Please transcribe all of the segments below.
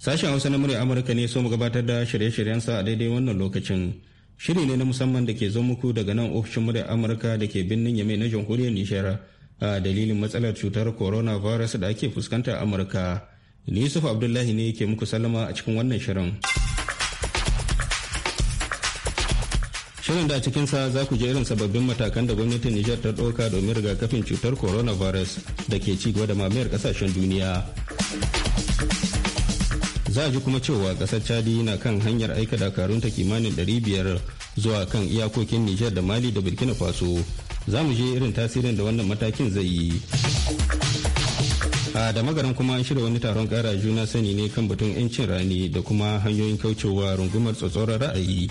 Sashen Hausa na murya Amurka ne so mu gabatar da shirye shiryen sa a daidai wannan lokacin. Shiri ne na musamman da ke zo muku daga nan ofishin murya Amurka da ke birnin Yamai na jamhuriyar Nijar a dalilin matsalar cutar Corona Virus da ake fuskanta a Amurka. Yusuf Abdullahi ne ke muku sallama a cikin wannan shirin. Shirin da a sa za ku je irin sababbin matakan da gwamnatin Nijar ta ɗauka domin rigakafin cutar Corona Virus da ke ci gaba da mamayar ƙasashen duniya. za a ji kuma cewa kasar chadi na kan hanyar aika dakarun ta kimanin 500 zuwa kan iyakokin nijar da mali da burkina faso za mu je irin tasirin da wannan matakin zai yi a da magaran kuma an shirya wani taron kara juna sani ne kan batun 'yancin rani da kuma hanyoyin kaucewa rungumar tsatsauran ra'ayi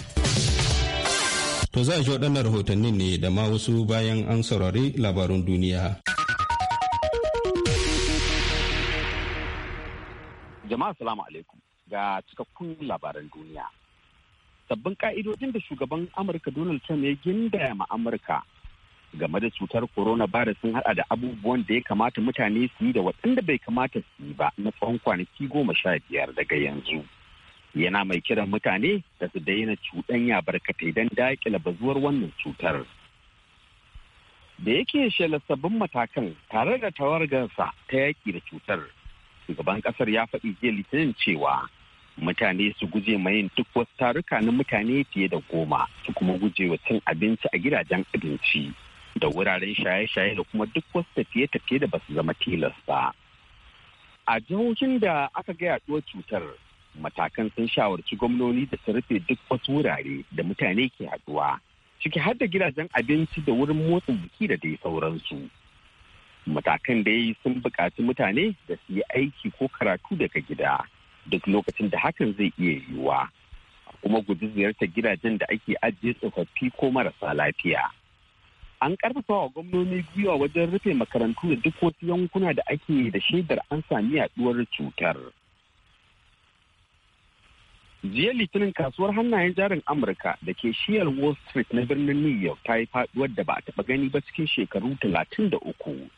to za a ji waɗannan rahotannin ne da ma wasu bayan an saurari labarun duniya. Jama'a salamu alaikum ga cikakkun labaran duniya. Sabbin ka'idojin da shugaban Amurka Donald Trump ya gindaya ma Amurka game da cutar bada sun hada da abubuwan da ya kamata mutane su yi da waɗanda bai kamata su yi ba na tsawon kwanaki goma sha biyar daga yanzu. Yana mai kiran mutane da su daina cuɗanya barkatai don daƙila bazuwar wannan cutar. Da yake shela sabbin matakan tare da tawargarsa ta yaƙi da cutar shugaban kasar ya faɗi jiya litinin cewa mutane su guje ma yin duk wasu taruka na mutane fiye da goma su kuma guje wa cin abinci a gidajen abinci da wuraren shaye-shaye da kuma duk wasu tafiye-tafiye da ba su zama tilas ba. A jihohin da aka gaya yaduwar cutar matakan sun shawarci gwamnoni da su rufe duk wasu wurare da mutane ke haɗuwa, ciki har da gidajen abinci da wurin motsa jiki da dai sauransu. matakan da ya yi sun buƙaci mutane da su yi aiki ko karatu daga gida duk lokacin da hakan zai iya yiwuwa kuma guji ziyartar gidajen da ake ajiye tsofaffi ko marasa lafiya an karfafa wa gwamnoni gwiwa wajen rufe makarantu da duk wasu yankuna da ake da shaidar an sami yaduwar cutar jiya litinin kasuwar hannayen jarin amurka da ke shiyar wall street na birnin new york ta yi faduwar da ba a taɓa gani ba cikin shekaru talatin da uku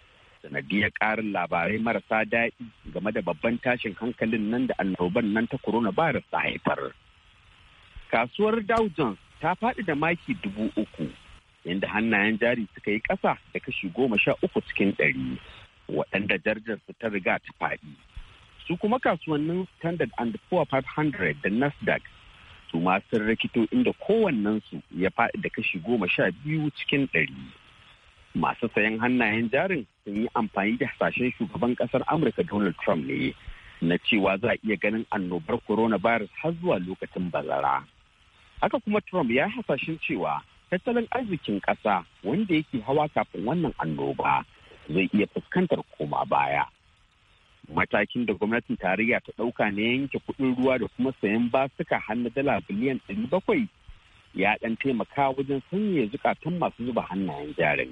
sanadiyar karin labarai marasa daɗi game da babban tashin hankalin nan da annoban nan ta coronavirus ta haifar. Kasuwar Dow Jones ta faɗi da maki dubu uku, inda hannayen jari suka yi ƙasa da kashi goma sha uku cikin ɗari, waɗanda darajar su ta riga ta faɗi. Su kuma kasuwannin Standard and Poor 500 da Nasdaq su ma sun rikito inda kowannensu ya faɗi da kashi goma sha biyu cikin ɗari. masu sayan hannayen jarin sun yi amfani da hasashen shugaban kasar amurka donald trump ne na cewa za a iya ganin annobar coronavirus har zuwa lokacin bazara haka kuma trump ya hasashen cewa tattalin arzikin ƙasa wanda yake hawa kafin wannan annoba zai iya fuskantar koma baya matakin da gwamnatin tarayya ta ɗauka na yanke kuɗin ruwa da kuma sayan basuka har na dala biliyan bakwai ya ɗan taimaka wajen sanya zukatan masu zuba hannayen jarin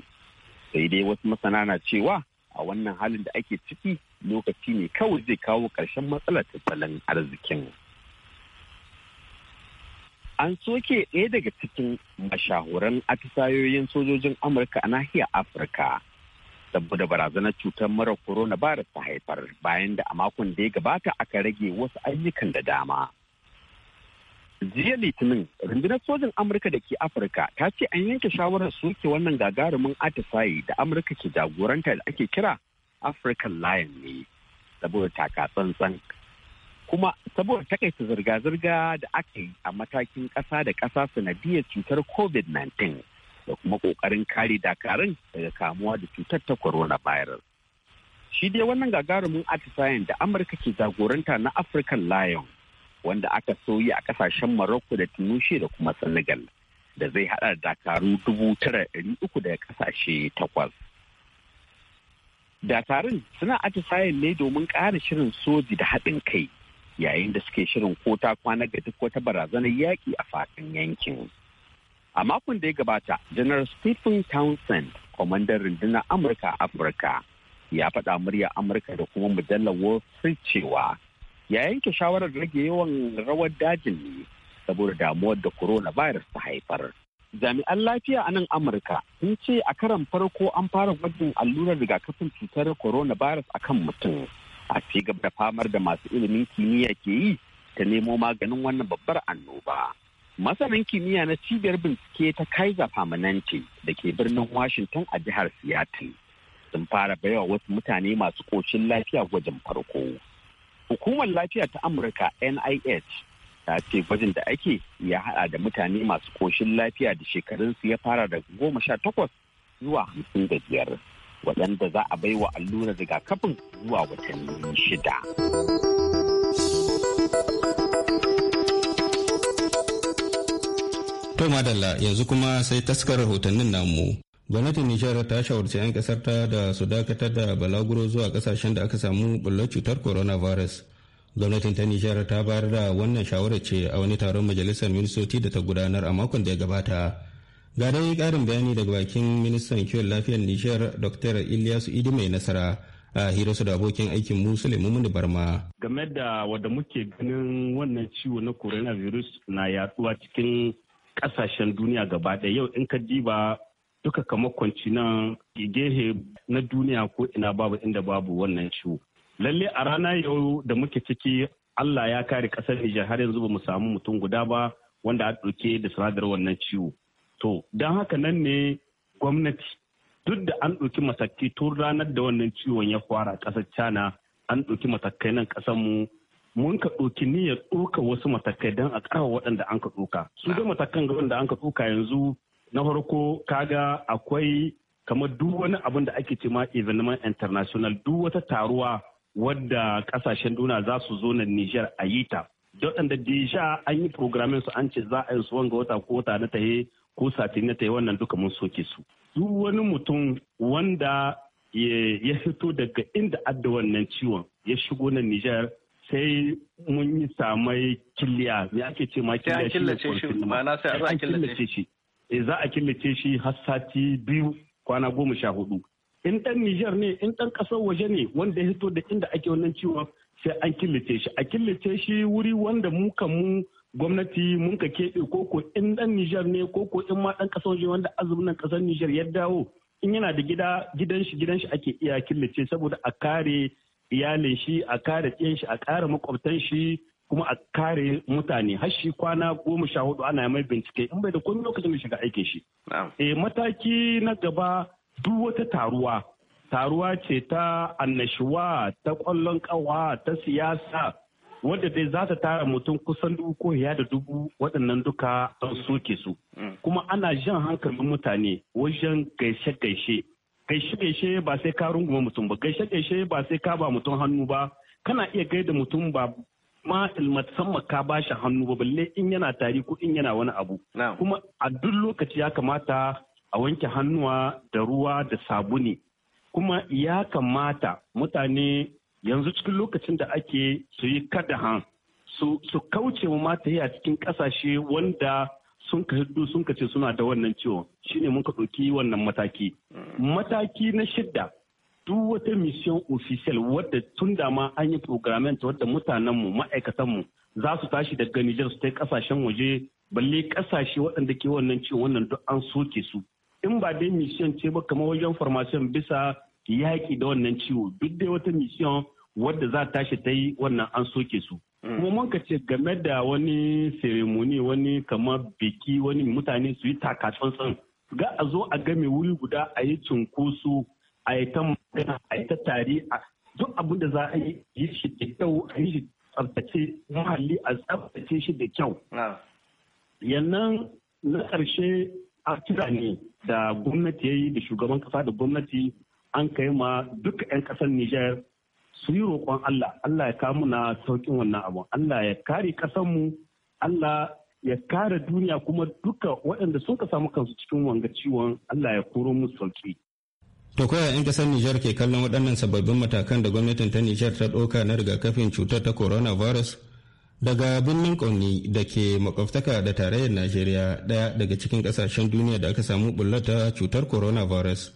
sai dai wasu masana na cewa a wannan halin da ake ciki lokaci ne kawai zai kawo ƙarshen matsalar tattalin arzikin. An soke ɗaya daga cikin mashahuran atisayoyin sojojin Amurka a nahiyar Afirka saboda barazanar cutar mara corona ba ta haifar bayan da a makon da ya gabata aka rage wasu ayyukan da dama. jiya litinin rundunar sojin amurka da ke afirka ta ce an yanke shawarar soke wannan gagarumin atisaye da amurka ke jagoranta da ake kira african lion ne saboda taka tsantsan kuma saboda takaita zirga-zirga da aka yi a matakin ƙasa da ƙasa sanadiyar cutar covid-19 da kuma ƙoƙarin kare dakarun daga kamuwa da cutar ta coronavirus shi dai wannan gagarumin atisayen da amurka ke jagoranta na african lion wanda aka soyi a kasashen Morocco da Tunisia da kuma Senegal da zai hada dakaru dubu tara ɗari uku daga kasashe takwas. Dakarun suna atisayen ne domin ƙara shirin soji da haɗin kai yayin da suke shirin kota kwana ga duk wata barazanar yaƙi a fatan yankin. A makon da ya gabata, General Stephen Townsend, kwamandan rundunar Amurka a Afirka, ya faɗa murya Amurka da kuma mujallar Wall Street cewa ya yanke shawarar rage yawan rawar dajin ne saboda damuwar da coronavirus ta haifar. Jami'an lafiya a nan Amurka sun ce a karan farko an fara gwajin allurar rigakafin cutar coronavirus a kan mutum. A ci da famar da masu ilimin kimiyya ke yi ta nemo maganin wannan babbar annoba. Masanin kimiyya na cibiyar bincike ta Kaiser Permanente da ke birnin Washington a jihar Seattle sun fara baiwa wasu mutane masu ƙoshin lafiya gwajin farko. Hukumar lafiya ta Amurka NIH ta ce gwajin da ake ya hada da mutane masu koshin lafiya da shekarunsu ya fara da goma sha takwas zuwa hamsin da biyar waɗanda za a baiwa allurar rigakafin zuwa watanni shida. To madalla yanzu kuma sai taskar rahotannin namu gwamnatin nijar ta shawarci 'yan kasar ta da su dakatar da balaguro zuwa kasashen da aka samu bullar cutar coronavirus gwamnatin ta nijar ta bayar da wannan shawarar ce a wani taron majalisar ministoci da ta gudanar a makon da ya gabata ga dai karin bayani daga bakin ministan kiwon lafiyar nijar dr ilyas idi mai nasara a hira su da abokin aikin mu Suleiman Barma. Game da wadda muke ganin wannan ciwo na coronavirus na yaduwa cikin kasashen duniya gaba ɗaya yau in ka diba duka kamar kwanci nan gehe na duniya ko ina babu inda babu wannan ciwo lalle a rana yau da muke ciki Allah ya kare kasar Nijar har yanzu ba mu samu mutum guda ba wanda a ɗauke da sinadar wannan ciwo to don haka nan ne gwamnati duk da an ɗauki matakai tun ranar da wannan ciwon ya fara ƙasar cana an ɗauki matakai nan ƙasar mu mun ka ɗauki niyyar ɗauka wasu matakai don a ƙara waɗanda an ka ɗauka. Su da matakan ga wanda an ka ɗauka yanzu na farko kaga akwai kamar duk wani abin da ake cema evenement international duk wata taruwa wadda kasashen duniya za su zo na Nijar a yi ta. da deja an yi programming su an ce za a yi su wanga wata ko wata na yi ko sati na yi wannan duka mun soke su. Duk wani mutum wanda ya fito daga inda adda wannan ciwon ya shigo na Nijar sai mun yi samai kiliya ya ake ce ma kiliya shi ne ma'ana sai a killace shi Eh, za a killace shi har sati biyu kwana goma sha hudu in ɗan Nijar ne in ɗan ƙasar waje ne wanda ya hito da inda ake wannan ciwon sai an killace shi a killace shi wuri wanda muka kan mu gwamnati mun ka keɓe koko in ɗan Nijar ne koko in ma ɗan ƙasar waje wanda azumin nan kasar Nijar ya dawo in yana da gida gidan shi gidan shi ake iya killace saboda a kare iyalin shi a kare ɗiyan shi a kare makwabtan shi kuma a kare mutane har shi kwana goma sha hudu ana mai bincike in bai da komai lokacin da shiga aikin shi. E mataki na gaba duk wata taruwa taruwa ce ta annashuwa ta kwallon kawa ta siyasa wadda dai za ta tara mutum kusan dubu ko ya da dubu waɗannan duka an soke su mm. kuma ana jan hankalin mutane wajen gaishe-gaishe gaishe-gaishe ba sai ka runguma mutum ba gaishe-gaishe ba sai ka ba mutum hannu ba kana iya gaida mutum ba ma musamman ka ba shi hannu ba balle in yana tari ko in yana wani abu kuma a duk lokaci ya kamata a wanke hannuwa da ruwa da sabuni kuma ya kamata mutane yanzu cikin lokacin da ake su yi han su kauce mu mata a cikin kasashe wanda sun ka hiddu sun ka ce suna da wannan ciwon shine mun ka ɗauki wannan mataki mm. mataki na shidda duk wata mission official wadda tun da ma an yi programment wadda mutanenmu ma'aikatanmu za su tashi daga Nijar su ta kasashen waje balle kasashe waɗanda ke wannan ce wannan duk an soke su in ba dai mission ce ba kamar wajen formation bisa yaƙi da wannan ciwo duk dai wata mission wadda za tashi ta yi wannan an soke su mm. kuma mun ka ce game da wani ceremony wani kamar biki wani mutane su yi takatsantsan ga a zo a game wuri guda a yi cunkoso a yi ta magana a yi ta tare a duk abin da za a yi yi shi da kyau a yi shi tsabtace muhalli a tsabtace shi da kyau. Yannan na ƙarshe a kira ne da gwamnati ya yi da shugaban kasa da gwamnati an kai ma duka 'yan ƙasar Nijar su yi roƙon Allah, Allah ya kamu na sauƙin wannan abu, Allah ya kare ƙasarmu, Allah ya kare duniya kuma duka waɗanda sun ka samu kansu cikin wanga ciwon Allah ya koro musu sauƙi. To koya 'yan kasar Nijar ke kallon waɗannan sababbin matakan da gwamnatin ta Nijar ta ɗauka na rigakafin cutar ta coronavirus daga birnin kauni da ke makwabtaka da tarayyar Najeriya ɗaya daga cikin ƙasashen duniya da aka samu bullata ta cutar coronavirus.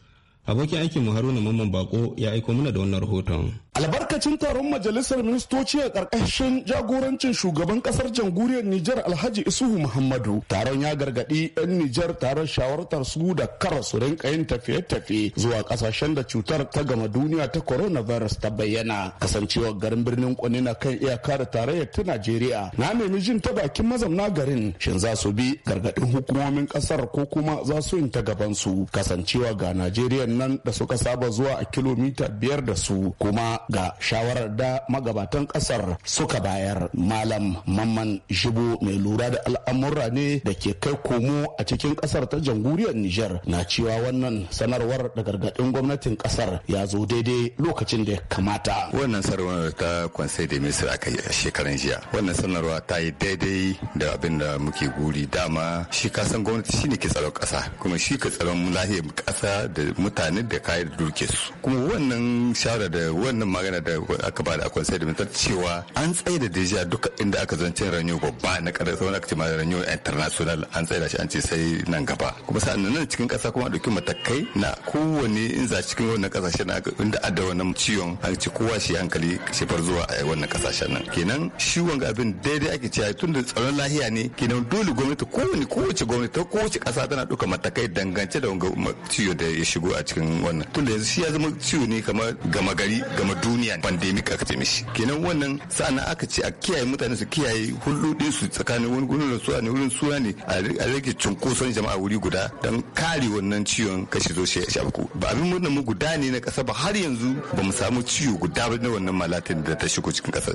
abokin mu haruna mamman bako ya aiko mana da wannan rahoton albarkacin taron majalisar ministoci a ƙarƙashin jagorancin shugaban ƙasar jamhuriyar nijar alhaji isuhu muhammadu taron ya gargaɗi 'yan nijar taron shawartar su da kar su rinka yin tafiye-tafiye zuwa ƙasashen da cutar ta gama duniya ta coronavirus ta bayyana kasancewar garin birnin kwani na kan iyaka da tarayyar ta najeriya na nemi jin ta bakin mazamna garin shin za su bi gargaɗin hukumomin ƙasar ko kuma za su yin ta gabansu kasancewa ga najeriya nan da suka saba zuwa a kilomita biyar da su kuma ga shawarar da magabatan kasar suka bayar malam mamman shibo mai lura da al'amura ne da ke kai komo a cikin kasar ta jamhuriyar niger na cewa wannan sanarwar da gargadin gwamnatin kasar ya zo daidai lokacin da ya kamata wannan sanarwar ta kwansai da misir aka yi shekaran jiya wannan sanarwa ta yi daidai da abin da muke guri dama shi kasan gwamnati shine ke tsaron kasa kuma shi ka tsaron lahiyar kasa da mutane mutane da kayan da duke su kuma wannan shawara da wannan magana da aka ba da akwai sai da mintar cewa an tsaye da deja duka inda aka zancen ranyo babba na ƙarar sauran aka ce ma ranyo international an tsaye da shi an ce sai nan gaba kuma sa'an nan cikin kasa kuma ɗauki matakai na kowane in za cikin wannan kasashen na inda adda wannan ciwon an ci kowa shi hankali shi far zuwa a wannan kasashen nan kenan shi wanga abin daidai ake cewa tun da tsaron lahiya ne kenan dole gwamnati kowane kowace gwamnati kowace kasa tana ɗauka matakai dangance da wanga ciwo da ya shigo a cikin cikin wannan da yanzu shi ya zama ciwo ne kamar gama gari gama duniya pandemic aka ce mishi kenan wannan sa'an aka ce a kiyaye mutane su kiyaye hulɗoɗin su tsakanin wani gurin suwa ne wurin suwa ne a rage cunkoson jama'a wuri guda don kare wannan ciwon kashi zo shi a ko ba abin murna mu guda ne na ƙasa ba har yanzu ba mu samu ciwo guda ba na wannan malatin da ta shigo cikin ƙasar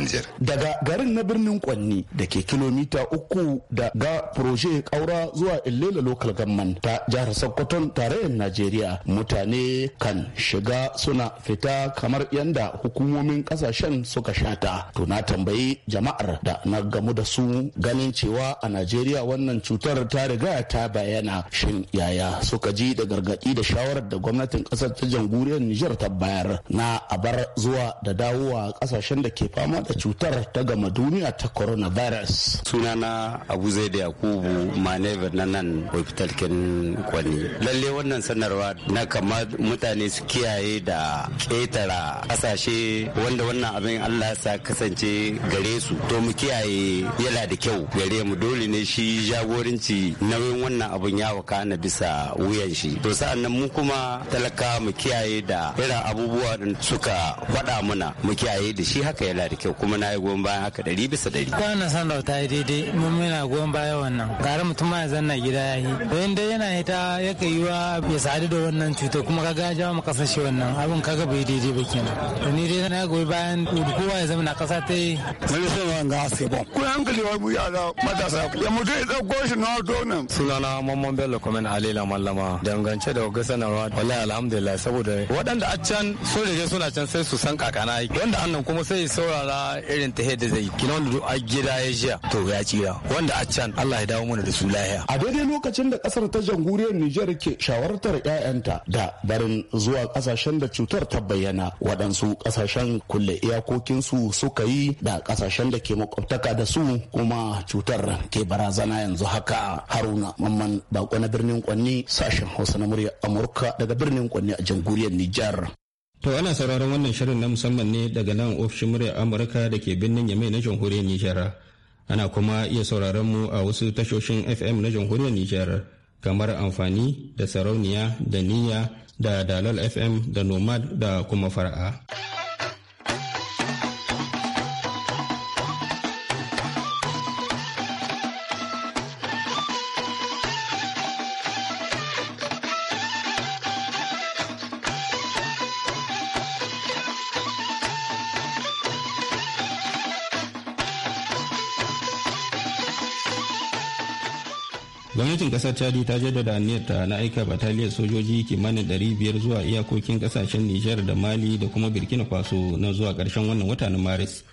Nijar. Daga garin na birnin Kwanni da ke kilomita uku da ga proje kaura zuwa Illela Local Government ta jihar Sokoton tarayyar Najeriya mutane kan shiga suna fita kamar yadda hukumomin kasashen suka shata to na tambayi jama'ar da na gamu da su ganin cewa a najeriya wannan cutar ta riga ta bayyana shin yaya suka ji da gargaɗi da shawarar da gwamnatin ƙasar ta jamhuriyar nijar ta bayar na a bar zuwa da dawowa ƙasashen da ke fama da cutar ta gama duniya ta coronavirus sunana abu zai da yakubu manever na nan hospital kin kwani lalle wannan sanarwa na kamar mutane su kiyaye da ƙetara kasashe wanda wannan abin Allah sa kasance gare su to mu kiyaye yana da kyau gare mu dole ne shi jagoranci nauyin wannan abin ya wakana bisa wuyan shi to sa'annan mu kuma talaka mu kiyaye da irin abubuwa din suka faɗa muna mu kiyaye da shi haka yana da kyau kuma na yi goyon bayan haka ɗari bisa ɗari. wannan sandau ta yi daidai mun muna goyon bayan wannan gara mutum ya zanna gida ya yi don dai yana hita ya kai yiwa ya sadu da wannan wannan cutar kuma kaga ya jawo mu kasar wannan abin kaga bai daidai ba kenan to ni dai na goyi bayan kowa ya zama na kasa ta yi mun ga wanga ba ku hankali wa buya da matasa ya mutu ya dauko shi na to donan sunana mamman bello kuma na alila mallama dangance da ga sanarwa wallahi alhamdulillah saboda waɗanda a can so da suna can sai su san kakana yake wanda annan kuma sai saurara irin ta da zai kina wanda a gida ya jiya to ya jiya wanda a can Allah ya dawo mana da su lahiya a daidai lokacin da kasar ta jamhuriyar Nijar ke shawartar 'ya'yan kanta da barin zuwa kasashen da cutar ta bayyana waɗansu kasashen kulle iyakokinsu suka yi da kasashen da ke makwabtaka da su kuma cutar ke barazana yanzu haka haruna mamman bako na birnin kwanni sashen hausa na murya amurka daga birnin kwanni a jamhuriyar nijar To ana sauraron wannan shirin na musamman ne daga nan ofishin muryar Amurka da ke birnin Yamai na jamhuriyar Nijar. Ana kuma iya sauraron mu a wasu tashoshin FM na jamhuriyar Nijar. kamar amfani da sarauniya da niyya da dalal fm da nomad da kuma fara'a. gwamnatin kasar chadi ta jaddada aniyarta na aika bataliyar sojoji kimanin 500 zuwa iyakokin kasashen nijar da mali da kuma burkina faso na zuwa karshen wannan wata na maris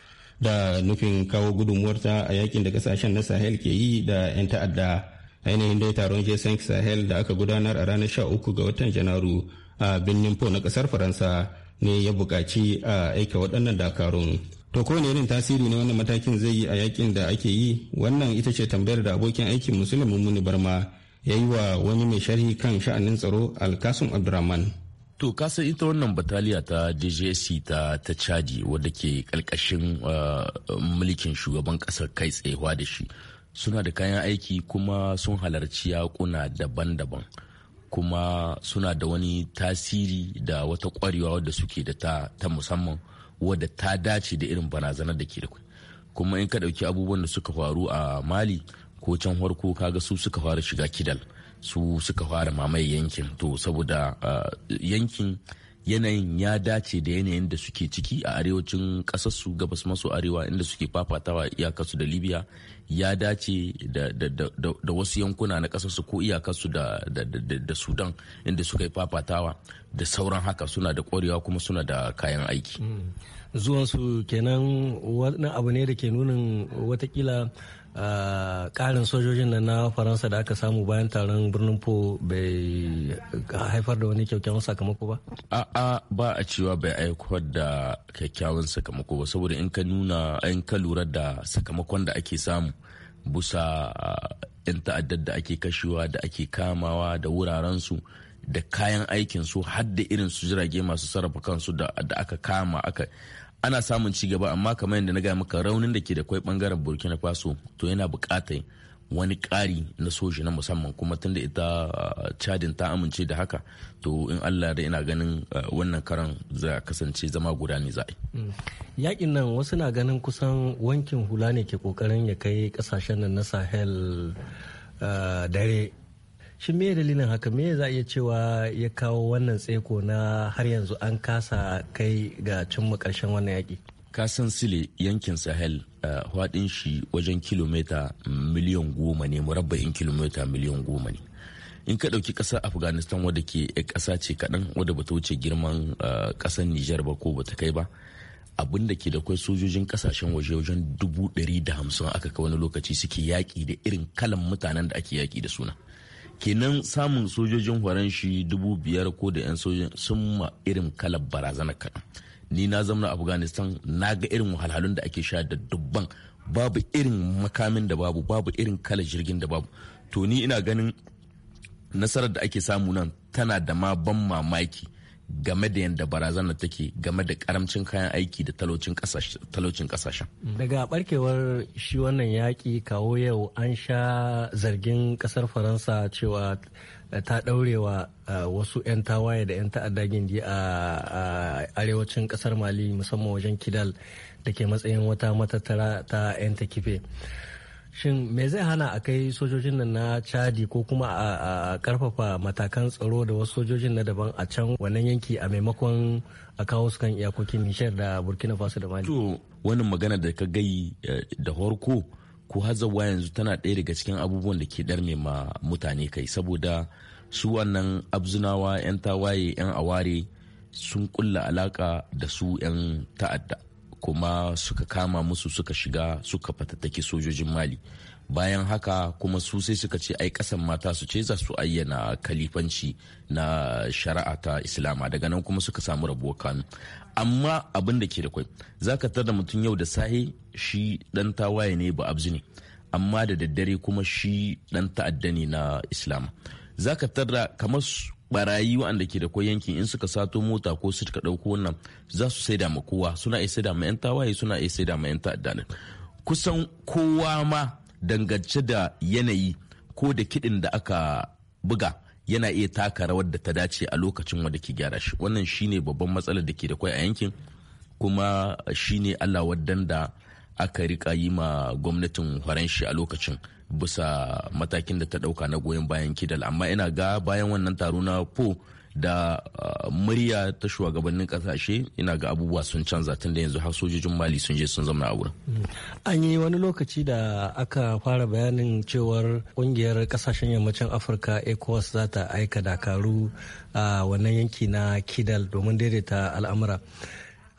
da nufin kawo gudunmuwarta a yakin da kasashen na sahel ke yi da 'yan ta'adda ainihin dai taron jason sahel da aka gudanar a ranar 13 ga watan janairu a birnin po na kasar faransa ne ya buƙaci a aika waɗannan dakarun to kowane irin tasiri ne wannan matakin zai yi a yakin da ake yi wannan ita ce tambayar da abokin aikin musulmin muni barma ya yi wa wani mai sharhi kan sha'anin tsaro alkasun abdurrahman to kasan ita wannan bataliya ta djc ta ta chadi wadda ke kalkashin uh, mulkin shugaban kasar kai tsayewa da shi suna da kayan aiki kuma sun halarci yakuna daban-daban kuma suna da wani tasiri da wata kwarewa wadda suke da ta, ta musamman wadda ta dace da irin barazanar da ke da kuma in ka ɗauki abubuwan da suka faru a mali ko can harko kaga su suka fara shiga kidal su suka fara mamaye yankin to saboda ah, yankin yanayin ya dace da yanayin da suke ciki a arewacin kasarsu gabas maso arewa inda suke fafatawa iyakarsu da libya ya dace da, wasu yankuna na kasarsu ko iyakarsu da, sudan inda suka yi fafatawa da sauran haka suna da kwarewa kuma suna da kayan aiki hmm. zuwansu kenan wani abu ne da ke nunin watakila karin ah, sojojin nan na faransa da aka samu bayan taron birnin po bai haifar da wani kyakkyawan sakamako ba a'a ba a cewa bai aikowar da kyakkyawan sakamako ba saboda in ka nuna in ka lura da sakamakon da ake samu busa ah, yan ta'addar da ake kashewa da ake kamawa da wurarensu da kayan aikin su har irin su jirage masu sarrafa kansu da aka kama aka ana samun ci gaba amma kamar yadda na gaya maka raunin da ke da kwai bangaren burkina faso to yana bukatar wani ƙari na soji na musamman kuma tunda ita ah, cadin ta amince da haka to in allah da ina ganin ah, wannan karan za a kasance zama guda ne za a mm. yakin nan wasu na ganin kusan wankin hula ne ke kokarin ya kai kasashen nan na sahel ah, dare shi me dalilin haka me za a iya cewa ya kawo wannan tseko na har yanzu an kasa kai ga cimma karshen wannan yaki kasan sile yankin sahel haɗin shi wajen kilomita miliyan goma ne murabba'in kilomita miliyan goma ne in ka ɗauki ƙasar afghanistan wadda ke ƙasa ce kaɗan wadda ba ta wuce girman ƙasar nijar ba ko bata kai ba abin da ke da kwai sojojin ƙasashen waje wajen dubu ɗari da hamsin aka kai wani lokaci suke yaƙi da irin kalan mutanen da ake yaƙi da suna kenan samun sojojin horon shi dubu biyar ko da 'yan sojojin sun ma irin kalar barazana kaɗan ni na zamna afghanistan na ga irin wahalhalun da ake sha da dubban babu irin makamin da babu babu irin kalar jirgin da babu to ni ina ganin nasarar da ake samu nan tana da ma ban mamaki game da yadda barazana take game da karamcin kayan aiki da talaucin kasashen. Daga barkewar shi wannan yaƙi kawo yau an sha zargin ƙasar Faransa cewa eh, ta ɗaurewa eh, wasu 'yan tawaye da 'yan ta'adda gindi a arewacin ƙasar Mali musamman wajen Kidal da ke matsayin wata matattara ta 'yan ta kife. shin me zai hana a kai sojojin nan na chadi ko kuma a karfafa matakan tsaro da wasu sojojin na daban a can wannan yanki a maimakon a kawo su kan iyakokin nishar da burkina faso da mali to magana da ka gai eh, da horko ko hazawa yanzu tana ɗaya daga cikin abubuwan da ke mai ma mutane kai saboda su wannan abzunawa 'yan tawaye 'yan aware sun kulla alaka da su 'yan ta'adda kuma suka kama musu suka shiga suka fatattaki sojojin mali bayan haka kuma su sai suka ce ai kasan mata su ce za su ayyana kalifanci na shari'a ta islama daga nan kuma suka samu rabuwar kanu amma abin da ke da kwai za ka tarda mutum yau da sahi shi dan tawaye ne ba abzu ne amma da daddare kuma shi dan ta'adda ne na islama za ka tarda kamar barayi waɗanda ke da kwai yankin in suka sato mota ko su ka ɗauko wannan za su saida ma kowa suna iya saida ma 'yan tawaye suna iya saida ma 'yan ta'adda kusan kowa ma dangance da yanayi ko da kiɗin da aka buga yana iya taka rawar da ta dace a lokacin wanda ke gyara shi wannan shine babban matsalar da ke da kwai a yankin kuma shine allah waddan da aka rika yi ma gwamnatin faranshi a lokacin bisa matakin da ta dauka na goyon bayan kidal amma ina ga bayan wannan taro na po da uh, murya ta shugabannin kasashe ina ga abubuwa sun canza tun da yanzu har sojojin mali sun je sun zama a wurin. an yi wani lokaci da aka fara bayanin cewar kungiyar kasashen yammacin afirka ecowas za ta aika dakaru a wannan yanki na kidal domin daidaita al'amura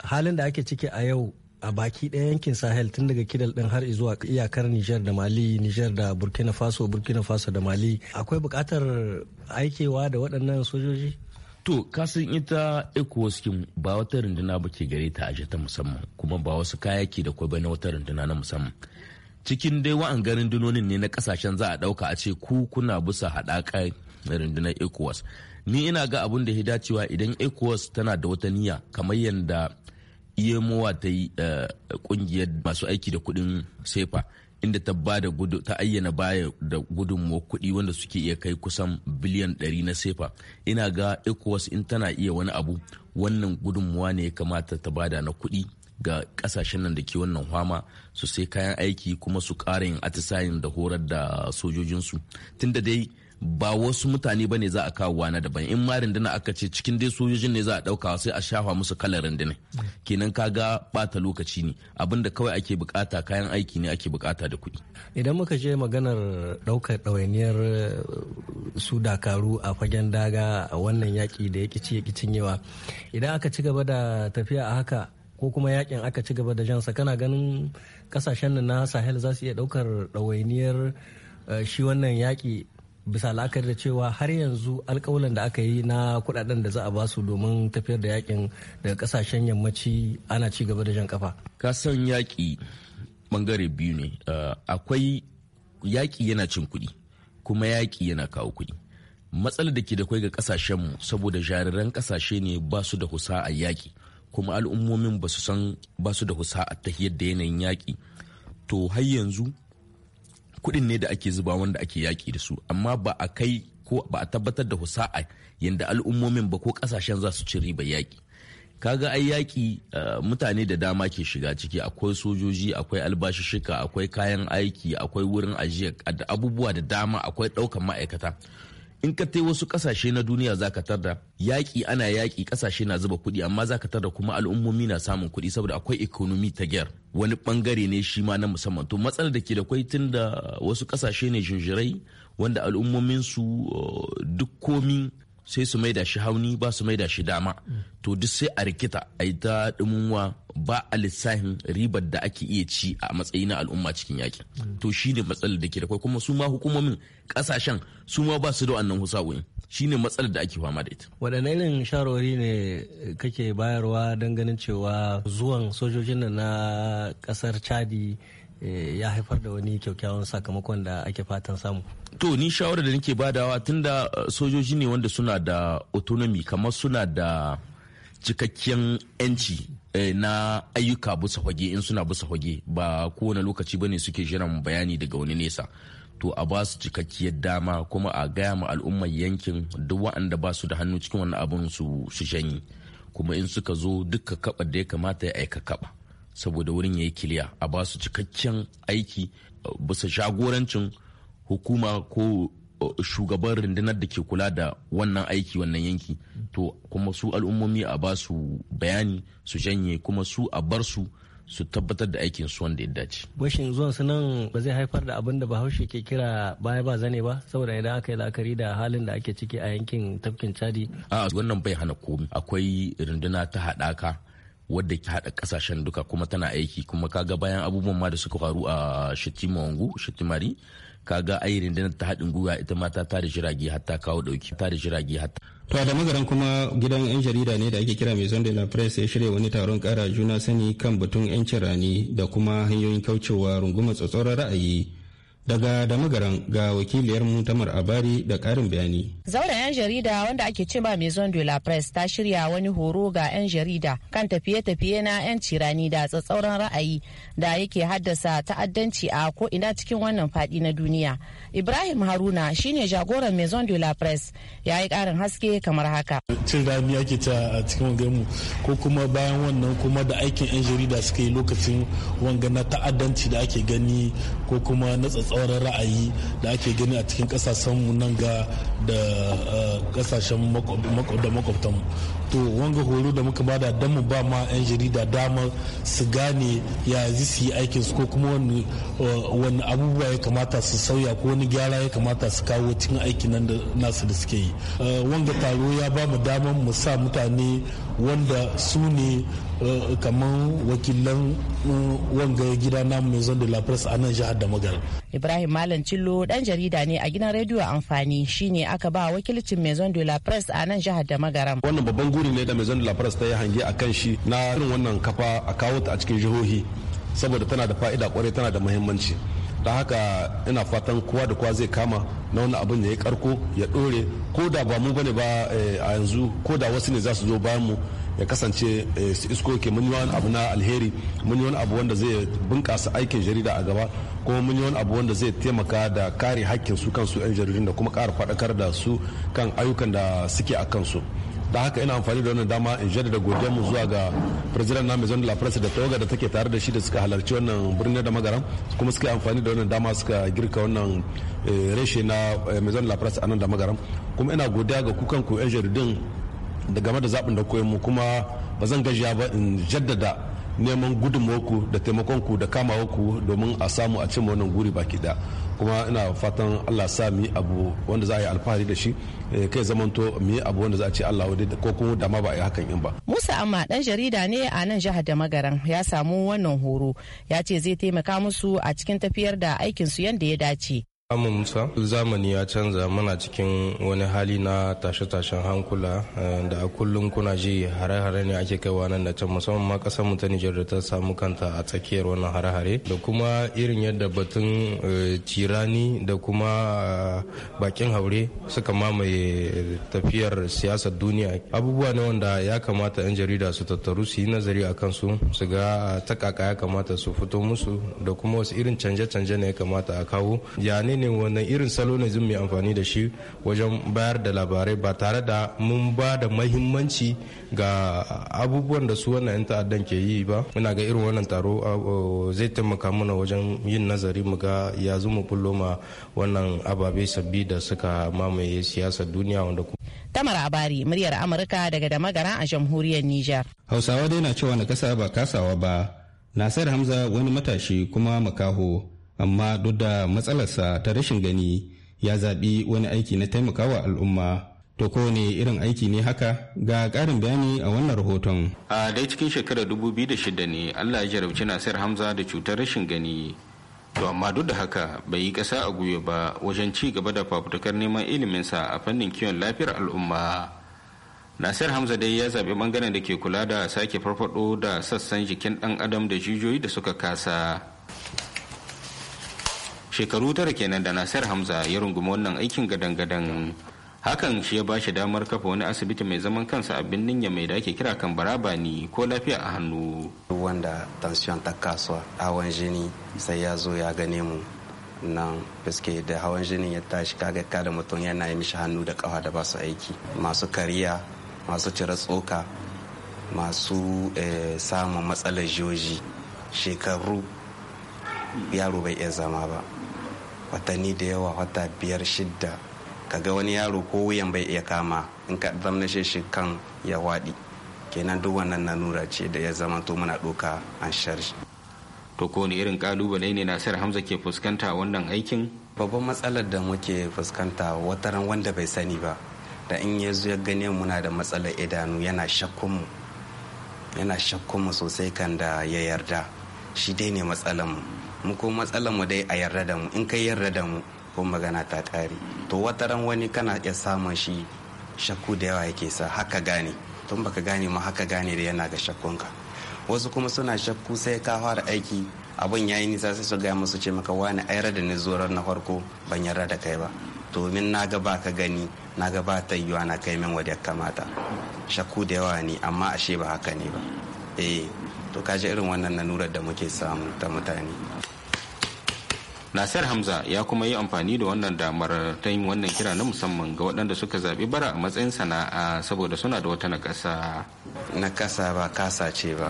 halin da ake ciki a yau a baki ɗaya yankin sahel tun daga kidal ɗin har zuwa iyakar nijar da mali nijar da burkina faso burkina faso da mali akwai buƙatar aikewa da waɗannan sojoji to kasan ita ecowas ba wata runduna ba ke gare ta aje ta musamman kuma ba wasu kayaki da kwai na wata runduna na musamman cikin dai wa'an garin dunonin ne na kasashen za a ɗauka a ce ku kuna bisa haɗaka rundunar ecowas ni ina ga abun da ya dacewa idan ecowas tana da wata niyya kamar yadda yemowa ta yi eh, kungiyar masu aiki da kudin sefa inda ta bada gudu ta ayyana baya da gudunmuwar kudi wanda suke iya kai kusan biliyan 100 na sefa ina ga ecowas in tana iya wani abu wannan gudunmuwa ne ya kamata ta bada na kudi ga kasashen nan da ke wannan hama su sai kayan aiki kuma su karin yin atisayin da horar da sojojinsu tunda dai ba wasu mutane ba ne za a kawo na daban in ma rindina aka ce cikin dai sojojin ne za a ɗaukawa sai a shafa musu kalar rindina kenan ka ga bata lokaci ne abinda kawai ake bukata kayan aiki ne ake bukata da kuɗi idan muka je maganar ɗaukar ɗawainiyar uh, su dakaru a fagen daga a wannan yaƙi da yaƙi ci yaƙi cinyewa idan aka ci gaba da tafiya a haka ko kuma yakin aka ci gaba da jansa kana ganin kasashen nan na sahel za su iya daukar ɗawainiyar uh, shi wannan yaki bisa la'akari da cewa har yanzu alkawalan da aka yi na kudaden da za a basu domin tafiyar da yakin daga kasashen yammaci ana ci gaba da jan kafa kasan yaki bangare biyu ne uh, akwai yaki yana cin kuɗi kuma yaƙi yana kawo kuɗi matsalar da ke da kwai ga kasashen mu saboda jariran kasashe ne ba su da husa a yaƙi kuma al'ummomin ba su san ba su da husa a tafiyar da yanayin yaƙi to har yanzu kudin ne da ake zuba wanda ake yaƙi da su amma ba a kai ko ba a tabbatar da husa'a yadda al'ummomin ba ko kasashen za su ci riba yaƙi kaga ai yaƙi eh, mutane da dama ke shiga ciki akwai sojoji akwai albashishika akwai kayan aiki akwai wurin ajiya da abubuwa da dama akwai ɗaukan ma'aikata in ka tai wasu ƙasashe na duniya za ka tarda yaƙi ana yaƙi ƙasashe na zuba kuɗi amma za ka tarda kuma al'ummomi na samun kuɗi saboda akwai ikonomi ta gyar wani bangare ne shi ma na musamman to matsalar da ke da kwai tun da wasu kasashe ne jinjirai wanda al'ummominsu uh, duk komi sai su maida shi hauni ba su maida shi dama to duk sai a rikita a yi ta ɗumunwa ba a lissafin ribar da ake iya ci a matsayi na al'umma cikin yakin to shi ne matsalar da ke da kwai kuma su ma hukumomin kasashen su ma ba su da wannan husawoyin shine matsalar da ake fama da ita waɗanne irin shawarwari ne kake bayarwa don ganin cewa zuwan sojojin na ƙasar chadi eh, ya haifar da wani kyaukyawan sakamakon da ake fatan samu to ni shawarar da nake badawa tunda eh, sojoji ne wanda suna da autonomy kamar suna da cikakken 'yanci eh, na ayyuka busa fage in suna busa fage ba kowane lokaci bane suke jiran bayani daga wani nesa to a ba su cikakkiyar dama kuma a gaya ma al'ummar yankin duk waɗanda ba su da hannu cikin wani abun su su shanyi kuma in suka zo duka kaba da ya kamata ya aika kaba saboda wurin ya yi kiliya a ba su cikakken aiki uh, bisa shagorancin hukuma ko uh, shugaban rundunar da ke kula da wannan aiki wannan yanki to kuma su al'ummomi a ba su bayani su shanye kuma su a bar su su tabbatar da aikin su wanda ya dace. Rashin zuwan su nan ba zai haifar da abin da Bahaushe ke kira baya ba zane ba saboda idan aka yi la'akari da halin da ake ciki a yankin tafkin Chadi. A wannan bai hana komi akwai runduna ta haɗaka wadda ke haɗa ƙasashen duka kuma tana aiki kuma kaga bayan abubuwan ma da suka faru a Shatima Wangu kaga ai rundunar ta haɗin gwiwa ita ma ta tare jirage hatta kawo ɗauki tare jirage hatta. To a da mazaran kuma gidan 'yan jarida ne da ake kira mai zonde la press ya shirya wani taron kara juna sani kan batun 'yancin rani da kuma hanyoyin kaucewa rungumar tsatsauran ra'ayi Daga magaran ga wakiliyar Tamar Abari da karin bayani. Zauren 'yan jarida wanda ake ba Maison de la Presse ta shirya wani horo ga 'yan jarida kan tafiye-tafiye na 'yan cirani da tsatsauran ra'ayi da yake haddasa ta'addanci a ko ina cikin wannan fadi na duniya. Ibrahim Haruna shine jagoran Maison de la Presse ya yi karin haske kamar haka. Cin rami ake ta a cikin wangarmu ko kuma bayan wannan kuma da aikin 'yan jarida suka yi lokacin wanga na ta'addanci da ake gani ko kuma na tsatsauran tsatsauran ra'ayi da ake gani a cikin mu nan ga da kasashen eh, da makwabtanmu to wanga horo da muka bada don mu ba ma 'yan jarida damar su gane ya zai su yi aikin su ko kuma eh, wani abubuwa ya kamata su sauya ko wani gyara ya kamata su kawo cikin aikin nan da nasu da suke yi eh, wanga taro ya ba mu damar mu sa mutane wanda su ne Eh, kamar wakilan eh, wanga gida namu mai de la presse a nan jihar da ibrahim malam cillo dan jarida ne a gidan rediyo amfani shine aka ba wakilcin mai de la presse a nan jihar da wannan babban guri ne da mai de la presse ta yi hange a kan shi na irin wannan kafa a kawo ta a cikin jihohi saboda tana da fa'ida kwarai tana da muhimmanci da haka ina fatan kowa da kowa zai kama na wani abin ya yi karko ya dore ko da ba mu bane ba eh, a yanzu ko da wasu ne za su zo bayan mu ya kasance eh, su isko ke mun yi wani abu na alheri mun yi wani abu wanda zai bunkasa aikin jarida a gaba kuma mun yi wani abu wanda zai taimaka da kare hakkin su su 'yan jaridun da kuma kara faɗakar da su kan ayyukan da suke a kansu da haka ina amfani da wannan dama in jaddada godiya mu zuwa ga president na maison de la presse da toga da take tare da shi da suka halarci wannan birnin da magaram kuma suka amfani da wannan dama suka girka wannan eh, reshe na eh, maison de la presse a nan da magaram kuma ina godiya ga kukan ku yan jaridun da game da zaɓin da koyon mu kuma ba zan gajiya ba in jaddada neman ku da taimakonku da kama ku domin a samu a cimma wannan guri baki da kuma ina fatan allah sa mu abu wanda za a yi alfahari da shi eh, kai zamanto mu yi abu wanda za a ce allah wadai ko kuma da ma ba a yi hakan in ba. musa amma dan jarida ne a nan jihar da magaran ya samu wannan horo ya ce zai taimaka musu a cikin tafiyar da aikinsu yadda ya dace Amu Musa, zamani ya canza muna cikin wani hali na tashe-tashen hankula eh, da a kullum kuna ji hare-hare ne ake kaiwa nan da can musamman ma kasar mu ta Nijar da ta samu kanta a tsakiyar wannan hare-hare da kuma irin yadda batun eh, tirani da kuma eh, bakin haure suka mamaye tafiyar siyasar duniya. Abubuwa ne wanda ya kamata 'yan jarida su tattaru su yi nazari a kansu su ga ta ya kamata su fito musu da kuma wasu irin canje-canje ne ya kamata a kawo. Ya menene wannan irin salo ne zan mai amfani da shi wajen bayar da labarai ba tare da mun ba da mahimmanci ga abubuwan da su wannan 'yan ta'addan ke yi ba muna ga irin wannan taro zai taimaka mana wajen yin nazari mu ga ya zo mu bullo ma wannan ababe sabbi da suka mamaye siyasar duniya wanda kuma Tamar Abari, muryar Amurka daga Damagara a jamhuriyar Nijar. Hausawa dai na cewa na kasa ba kasawa ba. Nasir Hamza wani matashi kuma makaho amma duk da matsalarsa ta rashin gani ya zaɓi wani aiki na taimakawa al'umma to kowane irin aiki ne haka ga ƙarin bayani a wannan rahoton a dai cikin shekarar shida ne allah ya jarabci nasir hamza da cutar rashin gani to amma duk da haka bai yi ƙasa a gwiwa ba wajen ci gaba da fafutukar neman iliminsa a fannin kiwon lafiyar al'umma nasir hamza dai ya zaɓi ɓangaren da ke kula da sake farfaɗo da sassan jikin ɗan adam da jijiyoyi da suka kasa shekaru tara kenan da nasir hamza ya rungumi wannan aikin gadan-gadan hakan shi ya bashi damar kafa wani asibiti mai zaman kansa a birnin ya mai da ake kira kan barabani ko lafiya a hannu wanda tansiyon ta kasuwa hawan jini sai ya zo ya gane mu nan fiske da hawan jini ya tashi kaga kada mutum yana yi mishi hannu da kawa da basu aiki masu kariya masu cire tsoka masu eh, samun matsalar joji shekaru yaro bai iya zama ba watanni da yawa wata biyar shidda kaga wani yaro ko wuyan bai iya kama in ka zamna shi kan ya waɗi kenan duk wannan nura ce da ya zama to muna ɗoka an sharshi to ko ne irin kalubale ne nasir hamza ke fuskanta wannan aikin babban matsalar da muke fuskanta wata ran wanda bai sani ba da in ya zo ya gane muna da matsalar idanu yana shakkun mu yana shakkun mu sosai kan da ya yarda shi dai ne matsalar mu mu ko matsalar mu dai a yarda da mu in kai yarda da mu ko magana ta kare to wata ran wani kana iya samun shi shakku da yawa yake sa haka gane tun baka gane ma haka gane da yana ga shakkunka wasu kuma suna shakku sai ka fara aiki abin yayi nisa sai su ga musu ce maka wani ayar da ni zuwar na farko ban yarda da kai ba domin na ga ba ka gani na ga ba ta yiwa na kai min wadda kamata shakku da yawa ne amma ashe ba haka ne ba eh to kaji irin wannan nanurar da muke samu ta mutane nasir hamza ya kuma yi amfani da wannan damar ta yin wannan kira na musamman ga waɗanda suka zaɓi bara a matsayin sana'a saboda suna da wata na nakasa ba kasa ce ba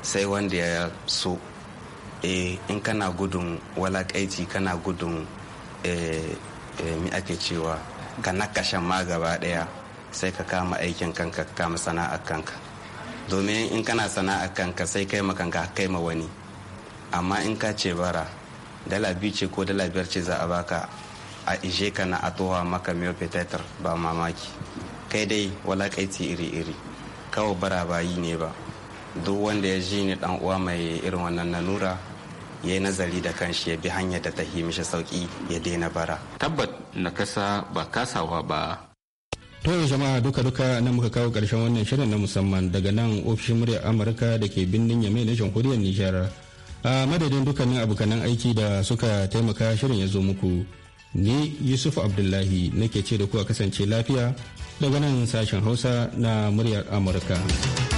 sai wanda ya so e in kana gudun walaƙaici kana gudun eh, eh, mi ake cewa ka nakashan ma gaba ɗaya sai ka kama aikin kanka ka kama sana'ar kanka domin in kana sana'ar kanka sai kai ma kanka kai ma wani amma in ka ce bara dala biyu ce ko dala biyar ce za a baka a ishe ka na atowa maka miyo ba mamaki kai dai walakaici iri-iri kawai bara yi ne ba duk wanda ya ji ni dan uwa mai irin wannan nanura ya yi nazari da kanshi ya bi hanyar da ta yi mishi sauki ya daina bara tabbat na kasa ba kasawa ba to jama'a duka duka nan muka kawo karshen wannan shirin na musamman daga nan ofishin muryar amurka da ke birnin yamai na jamhuriyar nijar a madadin dukkanin abokanan aiki da suka taimaka shirin ya zo muku ni yusuf abdullahi nake ce da ku a kasance lafiya daga nan sashen hausa na muryar amurka.